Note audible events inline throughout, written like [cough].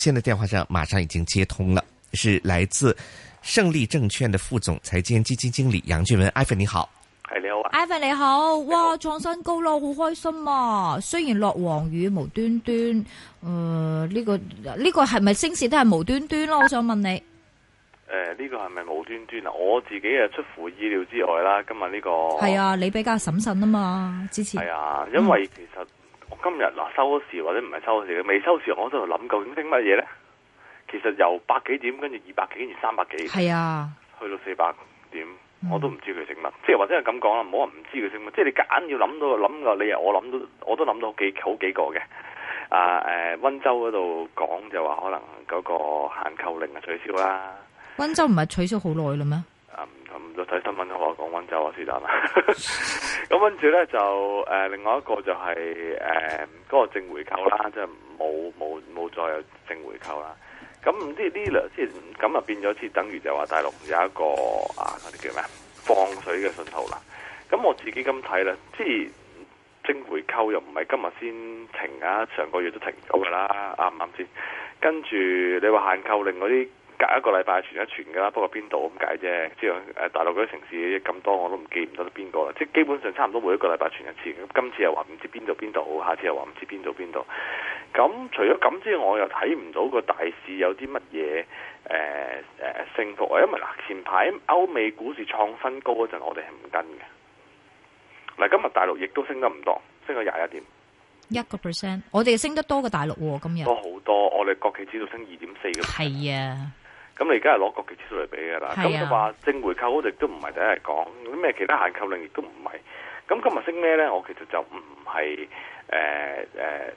現在電話上馬上已經接通了，是來自勝利證券的副總裁兼基金經理楊俊文。Ivan 你好，係、哎你，啊、你好，Ivan< 哇>你好，哇，創新高咯，好開心啊！雖然落黃雨，無端端，誒、呃，呢、這個呢、這個係咪升市都係無端端咯？我想問你，誒、呃，呢、這個係咪無端端啊？我自己啊出乎意料之外啦，今日呢、這個係啊，你比較審慎啊嘛，之前係啊，因為其實。嗯今日嗱、啊、收嗰時或者唔係收嗰時，未收市，我都喺度諗究竟升乜嘢咧？其實由百幾點跟住二百幾跟住三百幾，係啊，去到四百點，我都唔知佢升乜。即係或者係咁講啦，唔好話唔知佢升乜。即係你夾硬要諗到諗噶，你由我諗到，我都諗到幾好幾個嘅。啊誒，温、呃、州嗰度講就話可能嗰個限購令啊取消啦。温州唔係取消好耐啦咩？唔就睇新聞嘅話講溫州啊，是但啦。咁跟住咧就誒、呃，另外一個就係誒嗰個正回購啦，即係冇冇冇再有正回購啦。咁唔知呢兩即咁啊，就變咗即係等於就話大陸有一個啊啲叫咩放水嘅信號啦。咁我自己咁睇咧，即係正回購又唔係今日先停啊，上個月都停咗噶啦，啱唔啱先？跟住、啊、你話限購令嗰啲。隔一個禮拜傳一傳噶啦，不過邊度咁解啫？之後誒大陸嗰啲城市咁多，我都唔記唔得咗邊個啦。即係基本上差唔多每一個禮拜傳一次。咁今次又話唔知邊度邊度，下次又話唔知邊度邊度。咁除咗咁之外，我又睇唔到個大市有啲乜嘢誒誒升幅啊，因為嗱、呃、前排歐美股市創新高嗰陣，我哋係唔跟嘅。嗱、呃、今日大陸亦都升得唔多，升咗廿一點一個 percent。我哋升得多過大陸喎，啊，今日多好多。我哋國企指數升二點四個。係啊。咁你而家係攞國企指數嚟俾噶啦，咁我話正回購嗰度都唔係第一日講，啲咩其他限購令亦都唔係，咁今日升咩咧？我其實就唔係誒誒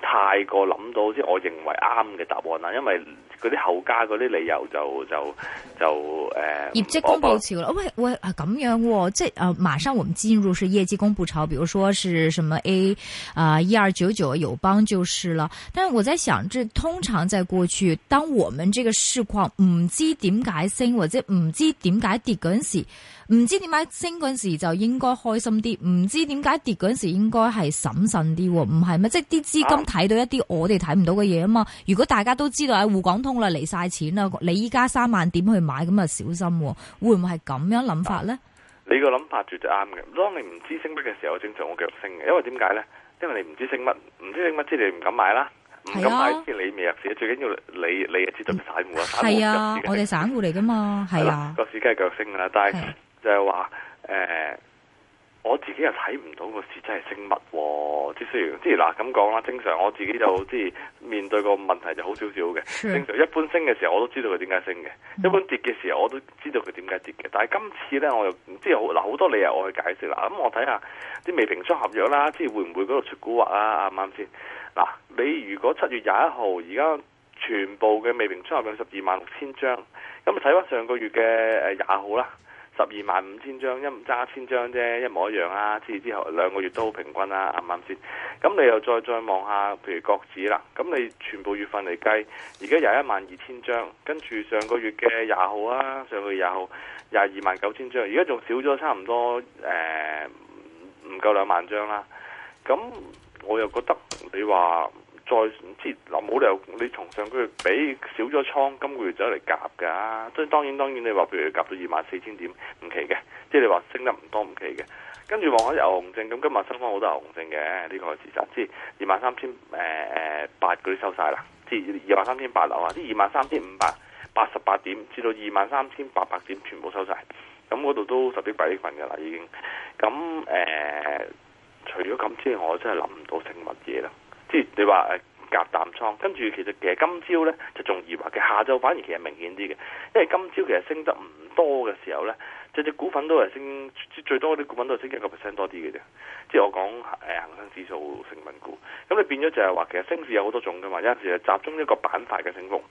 太過諗到，即係我認為啱嘅答案啦，因為。嗰啲後家嗰啲理由，就就就誒業績公佈潮咯。喂喂，係、啊、咁樣，即係啊，馬上我們進入是業績公佈潮，比如說是什麼 A 啊一二九九友邦就是了。但係我在想，即係通常在過去，當我們這個市況唔知點解升或者唔知點解跌嗰陣時。唔知點解升嗰陣時就應該開心啲，唔知點解跌嗰陣時應該係審慎啲，唔係咩？即係啲資金睇到一啲我哋睇唔到嘅嘢啊嘛！如果大家都知道喺滬港通啦嚟晒錢啦，你依家三萬點去買咁啊小心，會唔會係咁樣諗法咧、啊？你個諗法絕對啱嘅。當你唔知升乜嘅時候，正常我繼續升嘅，因為點解咧？因為你唔知升乜，唔知升乜，即你唔敢買啦，唔敢買。敢買你未入市，最緊要你要你係知道散戶啊。係啊，我哋散戶嚟噶嘛，係啊。個市梗係繼續升噶啦，但係。就係話誒，我自己又睇唔到個市真係升乜喎，即然，即係嗱咁講啦。正常我自己就即係面對個問題就好少少嘅，的正常一般升嘅時候我都知道佢點解升嘅，一般跌嘅時候我都知道佢點解跌嘅。但係今次咧，我又即係有好多理由我去解釋啦。咁、啊啊、我睇下啲未平出合約啦，即、啊、係會唔會嗰度出蠱惑啦？啱唔啱先嗱？你、啊、如果七月廿一號而家全部嘅未平出合約十二萬六千張，咁睇翻上個月嘅誒廿號啦。十二萬五千張，一揸千張啫，一模一樣啊！至之後兩個月都好平均啦，啊，啱唔啱先？咁你又再再望下，譬如國指啦，咁你全部月份嚟計，而家廿一萬二千張，跟住上個月嘅廿號啊，上個月廿號廿二萬九千張，而家仲少咗差唔多，誒唔夠兩萬張啦。咁我又覺得你話。再唔知，冇理由你又你從上個月比少咗倉，今個月走嚟夾噶、啊，即當然當然你話譬如夾到二萬四千點唔奇嘅，即你話升得唔多唔奇嘅。跟住望下油紅證咁、嗯，今日新方好多油紅證嘅，呢、這個事實即二萬三千誒誒八嗰啲收晒啦，即二萬三千八樓啊，啲二萬三千五百八十八點至到二萬三千八百點全部收晒。咁嗰度都十幾百億份噶啦已經。咁、嗯、誒、呃，除咗咁之外，我真係諗唔到升乜嘢啦。即係你話夾淡倉，跟住其實其實今朝咧就仲疑惑嘅，下晝反而其實明顯啲嘅，因為今朝其實升得唔多嘅時候咧，隻隻股份都係升，最多啲股份都係升一個 percent 多啲嘅啫。即係我講誒恆生指數成分股，咁你變咗就係話其實升市有好多種嘅嘛，有陣時係集中一個板塊嘅升幅，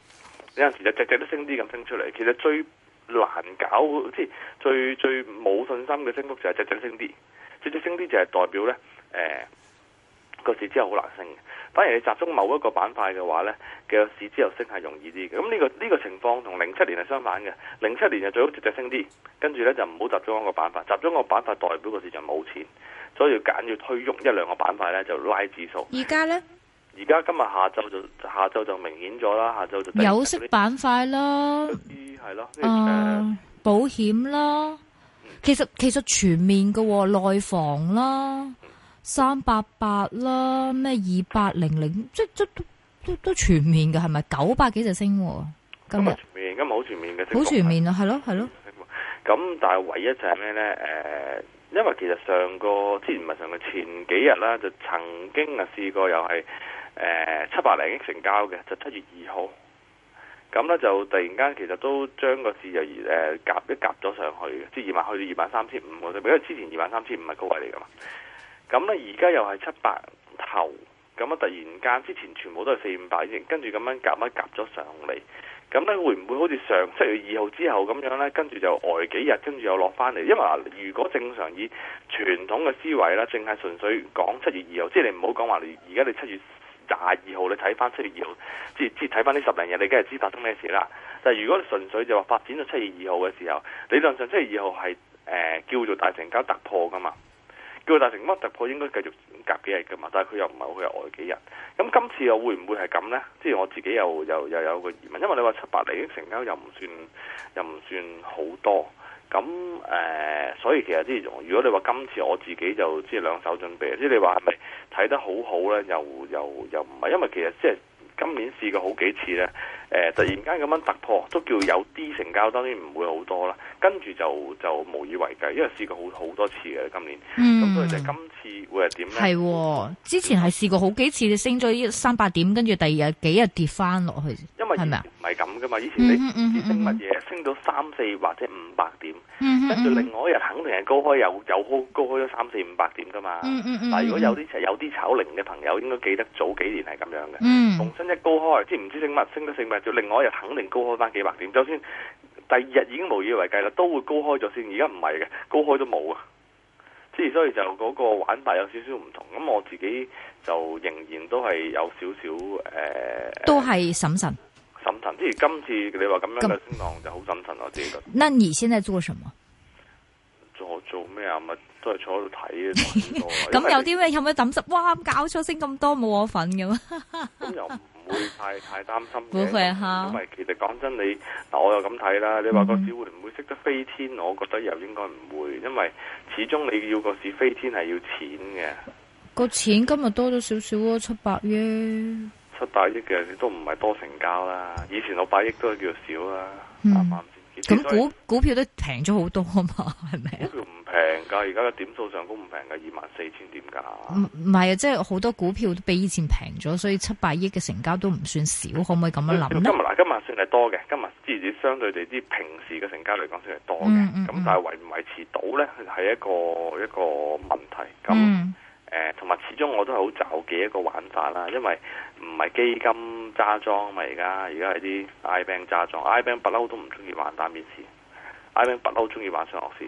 有陣時就隻隻都升啲咁升出嚟。其實最難搞，即係最最冇信心嘅升幅就係隻隻升啲，隻隻升啲就係代表咧誒。呃個市之後好難升，反而你集中某一個板塊嘅話，呢個市之後升係容易啲嘅。咁呢個呢個情況同零七年係相反嘅。零七年就最好隻隻升啲，跟住呢就唔好集中一個板塊。集中個板塊代表個市就冇錢，所以要揀要推喐一兩個板塊呢，就拉指數。而家呢，而家今日下晝就下晝就明顯咗啦，下晝就有色板塊咯，係咯，哦，uh, uh, 保險咯，其實其實全面嘅內房啦。三百八啦，咩二百零零，即即都都，都全面嘅係咪？九百幾隻升喎，今日全面，今日好全面嘅，好全面啊，係咯係咯。咁但係唯一就係咩咧？誒、呃，因為其實上個之前唔係上個前幾日啦，就曾經啊試過又係誒七百零億成交嘅，就七月二號。咁咧就突然間其實都將個市就誒夾一夾咗上去嘅，即係二萬去到二萬三千五，因為之前二萬三千五係高位嚟噶嘛。咁咧，而家又係七百頭，咁啊突然間之前全部都係四五百億，跟住咁樣夾一夾咗上嚟，咁咧會唔會好似上七月二號之後咁樣咧？跟住就呆幾日，跟住又落翻嚟，因為如果正常以傳統嘅思維咧，淨係純粹講七月二號，即係你唔好講話你而家你七月廿二,二號，你睇翻七月二號，即係即係睇翻呢十零日，你梗係知發生咩事啦。但係如果你純粹就話發展到七月二號嘅時候，理論上七月二號係誒、呃、叫做大成交突破噶嘛。叫大成乜突破應該繼續隔幾日㗎嘛，但係佢又唔係好係外幾日。咁今次又會唔會係咁呢？即係我自己又又又有個疑問，因為你話七八厘成交又唔算又唔算好多。咁誒、呃，所以其實即係，如果你話今次我自己就即係兩手準備，即係你話係咪睇得好好呢？又又又唔係，因為其實即係。今年試過好幾次咧，誒、呃、突然間咁樣突破，都叫有啲成交，當然唔會好多啦。跟住就就無以為繼，因為試過好好多次嘅今年。咁佢哋今次會係點咧？係、哦，之前係試過好幾次升咗三百點，跟住第二日幾日跌翻落去。因為唔係咁噶嘛，以前你唔知升乜嘢，嗯嗯嗯、升到三四或者五百點，跟住，嗯嗯、另外一日肯定係高開有，又又高高開咗三四五百點噶嘛。嗯嗯嗯、但如果有啲有啲炒零嘅朋友，應該記得早幾年係咁樣嘅。重新，嗯、一高開，即係唔知，知升乜，升咗升乜，就另外一日肯定高開翻幾百點。就算第二日已經無以為繼啦，都會高開咗先。而家唔係嘅，高開都冇啊。之所以就嗰個玩法有少少唔同。咁我自己就仍然都係有少少誒，呃、都係審慎。心即如今次你話咁樣嘅升浪就好心神，我自己覺得，那你現在做什麼？做做咩啊？咪都係坐喺度睇啊！咁 [laughs] [laughs] 有啲咩有咩？膽汁？哇！搞錯，升咁多，冇我份嘅啊！咁 [laughs] 又唔會太太擔心，冇嘅吓。唔係，其實講真，你嗱，我又咁睇啦。你話個市會唔會識得飛天？嗯、我覺得又應該唔會，因為始終你要個市飛天係要錢嘅。個錢今日多咗少少喎，七百億。七百億嘅，你都唔係多成交啦。以前六百億都係叫少啦。啱啱咁股，所以股票都平咗好多啊嘛，係咪？股票唔平噶，而家嘅點數上高唔平噶，二萬四千點噶。唔唔係啊，即係好多股票都比以前平咗，所以七百億嘅成交都唔算少，嗯、可唔可以咁樣諗咧？今日嗱，今日算係多嘅，今日至少相對哋啲平時嘅成交嚟講，算係多嘅。咁、嗯、但係維唔維持到咧，係一個一個，一個問題。咁。今 誒，同埋、嗯、始終我都係好早嘅一個玩法啦，因為唔係基金揸莊嘛，而家而家係啲 iBand 揸莊，iBand 不嬲都唔中意玩單邊市，iBand 不嬲中意玩上落市，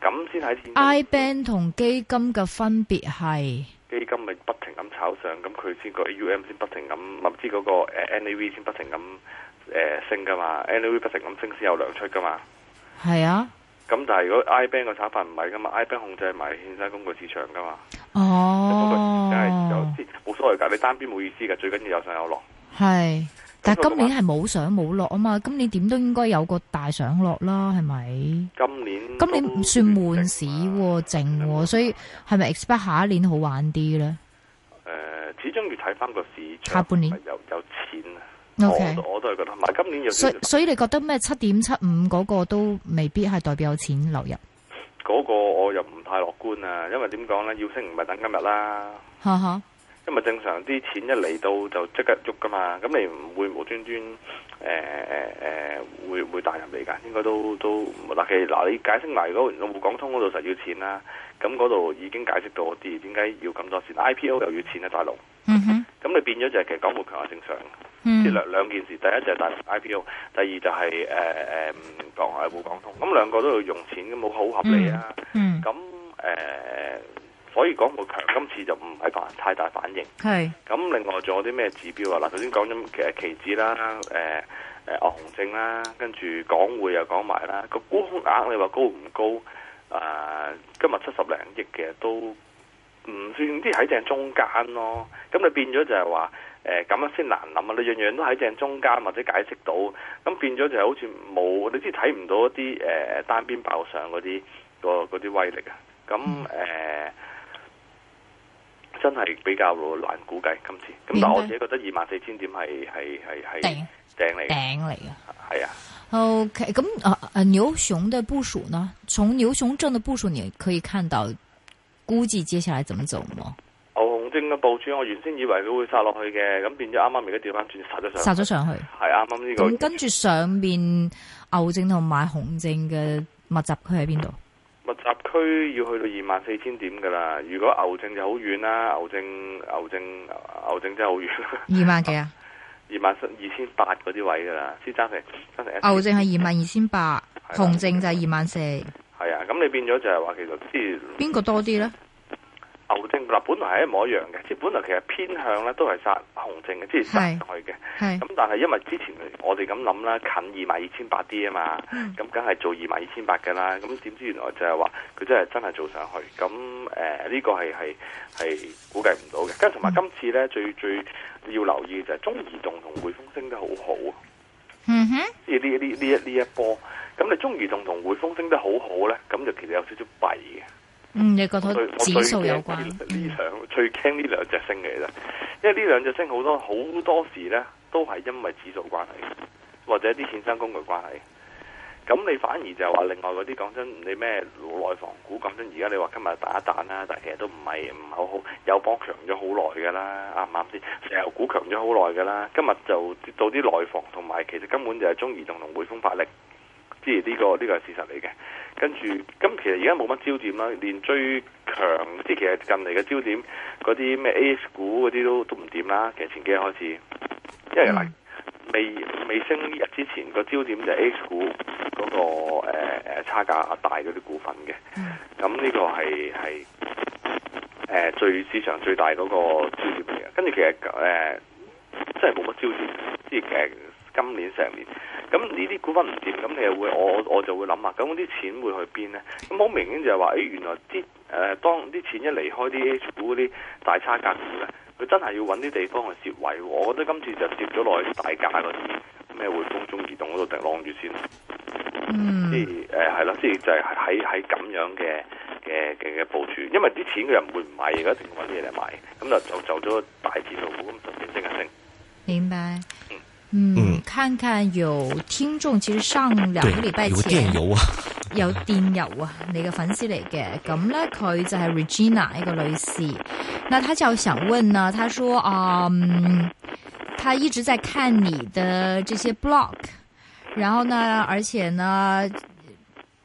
咁先喺 iBand 同基金嘅分別係基金咪不停咁炒上，咁佢先個 AUM 先不停咁，唔知嗰個 NAV 先不停咁誒、呃、升噶嘛，NAV 不停咁升先有量出噶嘛，係啊，咁但係如果 iBand 個炒法唔係噶嘛，iBand 控制埋衍生工具市場噶嘛。哦，就即係冇所謂噶，你單邊冇意思噶，最緊要有上有落。係，但係今年係冇上冇落啊嘛，今年點都應該有個大上落啦，係咪？今年，今年唔算悶市淨，所以係咪 expect 下一年好玩啲咧？誒、呃，始終要睇翻個市場，下半年有有錢啊 Okay.。我都係覺得，同埋今年又所所以，所以你覺得咩七點七五嗰個都未必係代表有錢流入？嗰個我又唔太樂觀啊，因為點講呢？要升唔係等今日啦， [music] 因為正常啲錢一嚟到就即刻喐㗎嘛。咁你唔會無端端誒誒誒會唔會帶入嚟㗎，應該都都唔會啦。嗱，你解釋埋如果滬港通嗰度實要錢啦。咁嗰度已經解釋到啲點解要咁多錢 [music] ，IPO 又要錢啊，大陸。咁你變咗就係其實港股強係正常。即兩、嗯、兩件事，第一就係大 IPO，第二就係誒誒，港海富港通，咁兩個都要用錢，咁好合理啊。咁誒可以講冇強，今次就唔係講太大反應。係咁是、啊，另外仲有啲咩指標啊？嗱，頭先講咗誒期指啦，誒誒恆指啦，跟住港匯又講埋啦，個沽空額你話高唔高啊、呃？今日七十零億嘅都。唔、嗯、算啲喺正中間咯，咁、嗯、你變咗就係話誒咁樣先難諗啊！你樣樣都喺正中間或者解釋到，咁、嗯、變咗就係好似冇你即係睇唔到一啲誒、呃、單邊爆上嗰啲啲威力啊！咁、嗯、誒、嗯呃、真係比較難估計今次，咁嗱白我自己覺得二萬四千點係係係係頂嚟，頂嚟嘅係啊。OK，咁啊啊牛熊嘅部署呢？從牛熊證嘅部署你可以看到。估計接下來點做？牛熊證嘅部署，我原先以為佢會殺落去嘅，咁變咗啱啱而家調翻轉殺咗上，殺咗上去，係啱啱呢個。咁跟住上邊牛證同埋熊證嘅密集區喺邊度？密集區要去到二萬四千點噶啦，如果牛證就好遠啦，牛證牛證牛證真係好遠二萬幾啊？二萬二千八嗰啲位噶啦，先揸成，揸平。牛證係二萬二千八，熊證就係二萬四。係啊，咁你變咗就係話其實即係邊個多啲咧？牛證嗱，本來係一模一樣嘅，即係本來其實偏向咧都係殺紅證嘅，即係殺落去嘅。係咁是，但係因為之前我哋咁諗啦，近二萬二千八啲啊嘛，咁梗係做二萬二千八嘅啦。咁點知原來就係話佢真係真係做上去。咁誒，呢、呃這個係係係估計唔到嘅。跟住同埋今次咧，最最要留意就係中移動同匯豐升得好好。嗯哼，呢呢呢呢一呢、嗯、哼一,一,一波。咁你中移動同匯豐升得好好呢，咁就其實有少少弊嘅。嗯，你覺得指數有關？呢兩、嗯、最驚呢兩隻升嘅啦，因為呢兩隻升好多好多時咧，都係因為指數關係，或者啲衍生工具關係。咁你反而就係話另外嗰啲，講真，你咩內房股講真，而家你話今日打一彈啦，但係其實都唔係唔好好，有波強咗好耐噶啦，啱唔啱先？石油股強咗好耐噶啦，今日就做啲內房，同埋其實根本就係中移動同匯豐發力。知呢、這個呢、這個係事實嚟嘅，跟住咁其實而家冇乜焦點啦，連最強，即係其實近嚟嘅焦點嗰啲咩 A 股嗰啲都都唔掂啦，其實前幾日開始，因為、嗯、未未升日之前個焦點就係 A 股嗰、那個誒、呃、差價大嗰啲股份嘅，咁呢、嗯、個係係誒最市場最大嗰個焦點嚟嘅，跟住其實誒、呃、真係冇乜焦點，即係今年成年。咁呢啲股份唔掂，咁你又會，我我就會諗下，咁啲錢會去邊呢？咁好明顯就係話，誒原來啲誒、呃、當啲錢一離開啲 H 股嗰啲大差價股咧，佢真係要揾啲地方去攝位。我覺得今次就攝咗落去大價嗰啲咩匯豐中移動嗰度定落住先。即係誒係咯，即係、呃、就係喺喺咁樣嘅嘅嘅嘅部署，因為啲錢佢又唔會唔買嘅，一定揾啲嘢嚟買。咁就就就咗大字頭股咁順便即係升。升一升明白。嗯，看看有聽眾，其實上兩個禮拜前有電郵啊，有電郵啊，你、啊那個粉絲嚟嘅，咁、嗯、咧佢就係 Regina 一個女士那他就想問呢，他說啊，他、呃、一直在看你的這些 blog，然後呢，而且呢。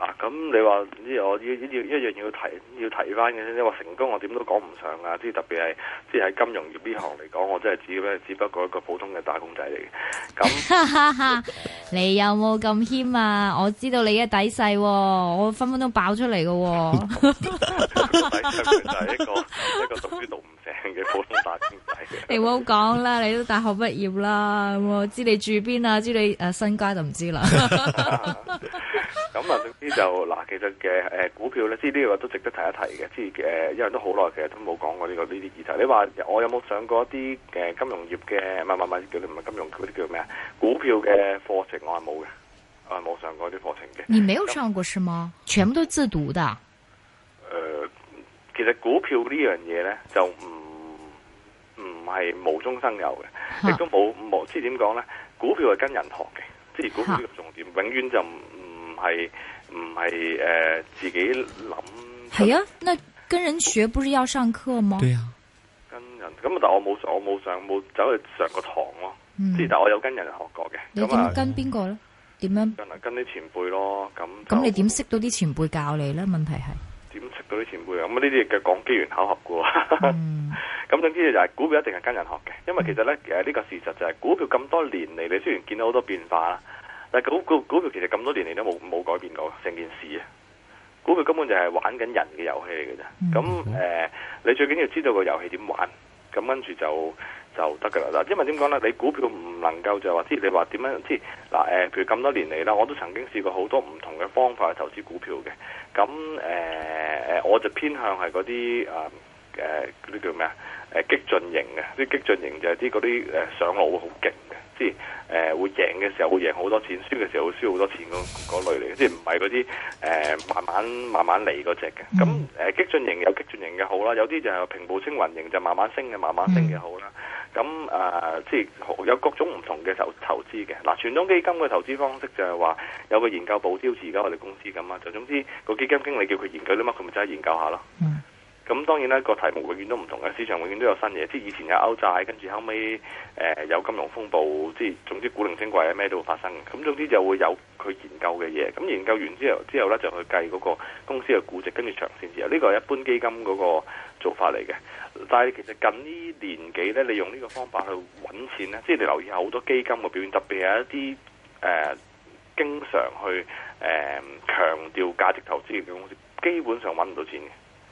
嗱，咁、啊、你話呢？我要一一樣要提要提翻嘅。你話、就是、成功，我點都講唔上噶。啲特別係，即係喺金融業呢行嚟講，我真係只只不過一個普通嘅打工仔嚟嘅。咁， [laughs] 你有冇咁謙啊？我知道你嘅底細、啊，我分分鐘爆出嚟嘅、啊。哈 [laughs] [laughs] 就係一個 [laughs] [laughs] 一個讀書讀 [laughs] 普通 [laughs] 你冇講啦，你都大學畢業啦，知你住邊啊，知你誒身家就唔知啦。咁啊，總之就嗱、是，其實嘅誒、呃、股票咧，即係呢個都值得提一提嘅。即係誒，因為都好耐，其實都冇講過呢、這個呢啲議題。你話我有冇上過一啲誒金融業嘅？唔唔唔，叫唔係金融嗰啲叫咩啊？股票嘅課程我係冇嘅，我係冇上過啲課程嘅。你沒有上過、嗯、是嗎？全部都自讀的。誒、呃，其實股票呢樣嘢咧就唔。係無中生有嘅，亦哈都冇冇，即係點講咧？股票係跟人學嘅，即係股票嘅重點，哈永遠就唔唔係唔係誒自己諗。係啊，那跟人學不是要上課嗎？對啊，跟人咁，但係我冇我冇上冇走去上過堂咯。即係、嗯、但係我有跟人學過嘅。你點跟邊個咧？點樣、啊？就係跟啲前輩咯。咁咁，你點識到啲前輩教你咧？問題係。點識到啲前輩啊？咁呢啲嘅講機緣巧合噶喎。咁、嗯、 [laughs] 總之就係、是、股票一定係跟人學嘅，因為其實咧誒呢、啊這個事實就係、是、股票咁多年嚟，你雖然見到好多變化啦，但係股股股票其實咁多年嚟都冇冇改變過成件事啊。股票根本就係玩緊人嘅遊戲嚟嘅啫。咁誒，你最緊要知道個遊戲點玩，咁跟住就。就得嘅啦，嗱，因為點講咧？你股票唔能夠就係話，即係你話點樣？即係嗱，誒，譬如咁多年嚟啦，我都曾經試過好多唔同嘅方法去投資股票嘅。咁誒誒，我就偏向係嗰啲啊誒啲叫咩啊？誒激進型嘅，啲激進型就係啲嗰啲誒上路會好勁嘅，即係誒會贏嘅時候會贏好多錢，輸嘅時候會輸好多錢嗰類嚟嘅，即係唔係嗰啲誒慢慢慢慢嚟嗰隻嘅。咁誒激進型有激進型嘅好啦，有啲就係平步青雲型，就慢慢升嘅，慢慢升嘅好啦。嗯咁誒、呃，即係有各種唔同嘅投投資嘅。嗱，傳統基金嘅投資方式就係話有個研究報章，似而家我哋公司咁啊。就總之，個基金經理叫佢研究啲乜，嘛佢咪真係研究下咯。嗯咁當然啦，個題目永遠都唔同嘅，市場永遠都有新嘢。即係以前有歐債，跟住後尾誒、呃、有金融風暴，即係總之古靈精怪啊，咩都會發生。咁總之就會有佢研究嘅嘢。咁研究完之後，之後咧就去計嗰個公司嘅估值，跟住長線之後，呢個係一般基金嗰個做法嚟嘅。但係其實近年呢年幾咧，你用呢個方法去揾錢咧，即係你留意有好多基金嘅表現，特別係一啲誒、呃、經常去誒、呃、強調價值投資嘅公司，基本上揾唔到錢嘅。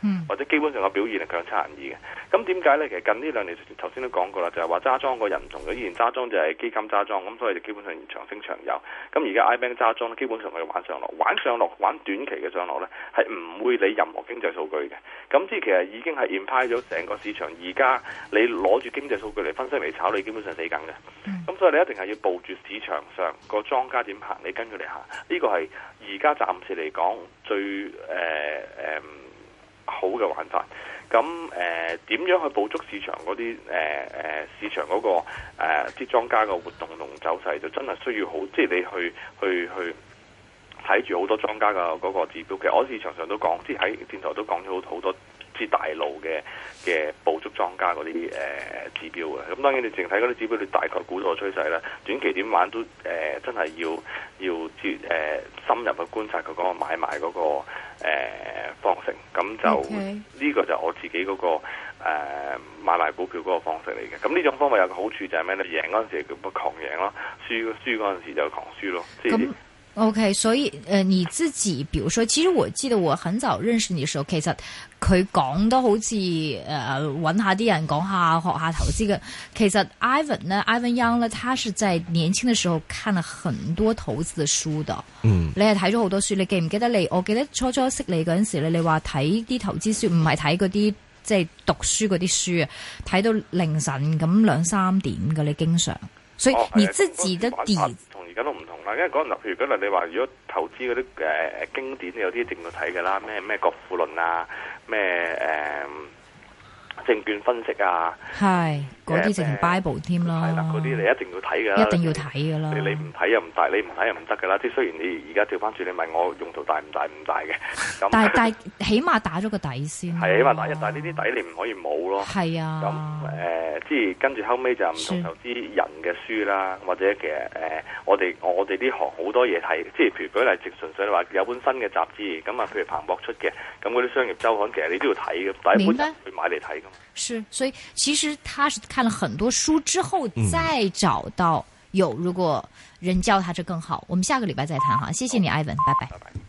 嗯，mm. 或者基本上嘅表現係強差人意嘅。咁點解呢？其實近呢兩年頭先都講過啦，就係話揸莊個人唔同咗。以前揸莊就係基金揸莊，咁所以就基本上長升長有。咁而家 Ibank 揸莊基本上佢玩上落，玩上落玩短期嘅上落呢，係唔會理任何經濟數據嘅。咁即係其實已經係 impact 咗成個市場。而家你攞住經濟數據嚟分析嚟炒，你基本上死梗嘅。咁、mm. 所以你一定係要佈住市場上個莊家點行，你跟佢哋行。呢、這個係而家暫時嚟講最誒誒。呃呃好嘅玩法，咁誒點樣去捕捉市場嗰啲誒誒市場嗰個誒啲莊家嘅活動同走勢，就真係需要好，即係你去去去睇住好多莊家嘅嗰個指標嘅。其實我市場上都講，即係喺電台都講咗好好多。啲大路嘅嘅捕捉莊家嗰啲誒指標，嘅，咁當然你淨睇嗰啲指標，你大概估到個趨勢啦。短期點玩都誒、呃，真係要要誒、呃、深入去觀察佢、那、嗰個買賣嗰、那個、呃、方程。咁就呢 Okay. 個就我自己嗰、那個買賣股票嗰個方式嚟嘅。咁呢種方法有個好處就係咩咧？贏嗰陣時叫不狂贏咯，輸輸陣時就狂輸咯。即係。O、okay, K，所以誒、呃、你自己，比如說，其實我記得我很早認識你嘅時候，其實佢講得好似誒揾下啲人講下學下投資嘅。其實 Ivan 咧，Ivan Young 咧，他是在年輕嘅時候看了很多投資嘅書的。嗯，你係睇咗好多書，你記唔記得你？我記得初初識你嗰陣時咧，你話睇啲投資書唔係睇嗰啲即係讀書嗰啲書啊，睇到凌晨咁兩三點嘅，你經常。所以你自己都。有都唔同啦，因為嗰陣，譬如嗰陣你話，如果投資嗰啲誒經典，你有啲一定要睇嘅啦，咩咩國富論啊，咩誒，呃證券分析啊，係嗰啲 bible 添咯，係啦、呃，嗰啲你一定要睇嘅，一定要睇嘅啦。你唔睇又唔大，你唔睇又唔得嘅啦。即係雖然你而家調翻轉，你問我用途大唔大唔大嘅， [laughs] 但係 [laughs] 但係起碼打咗個底先，啊，係起碼打、啊、但係呢啲底，你唔可以冇咯。係啊，咁誒即係跟住後尾就唔同投資人嘅書啦，或者其實誒、呃、我哋我哋啲行好多嘢睇，即係譬如舉例，直訊，純粹話有本新嘅雜誌咁啊，譬如彭博出嘅，咁嗰啲商業周刊其實你都要睇嘅，底本去買嚟睇。是，所以其實他是看了很多書之後再找到有、嗯，如果人教他，這更好。我們下個禮拜再談哈，謝謝你 Ivan。Oh, Ivan, 拜拜。拜拜。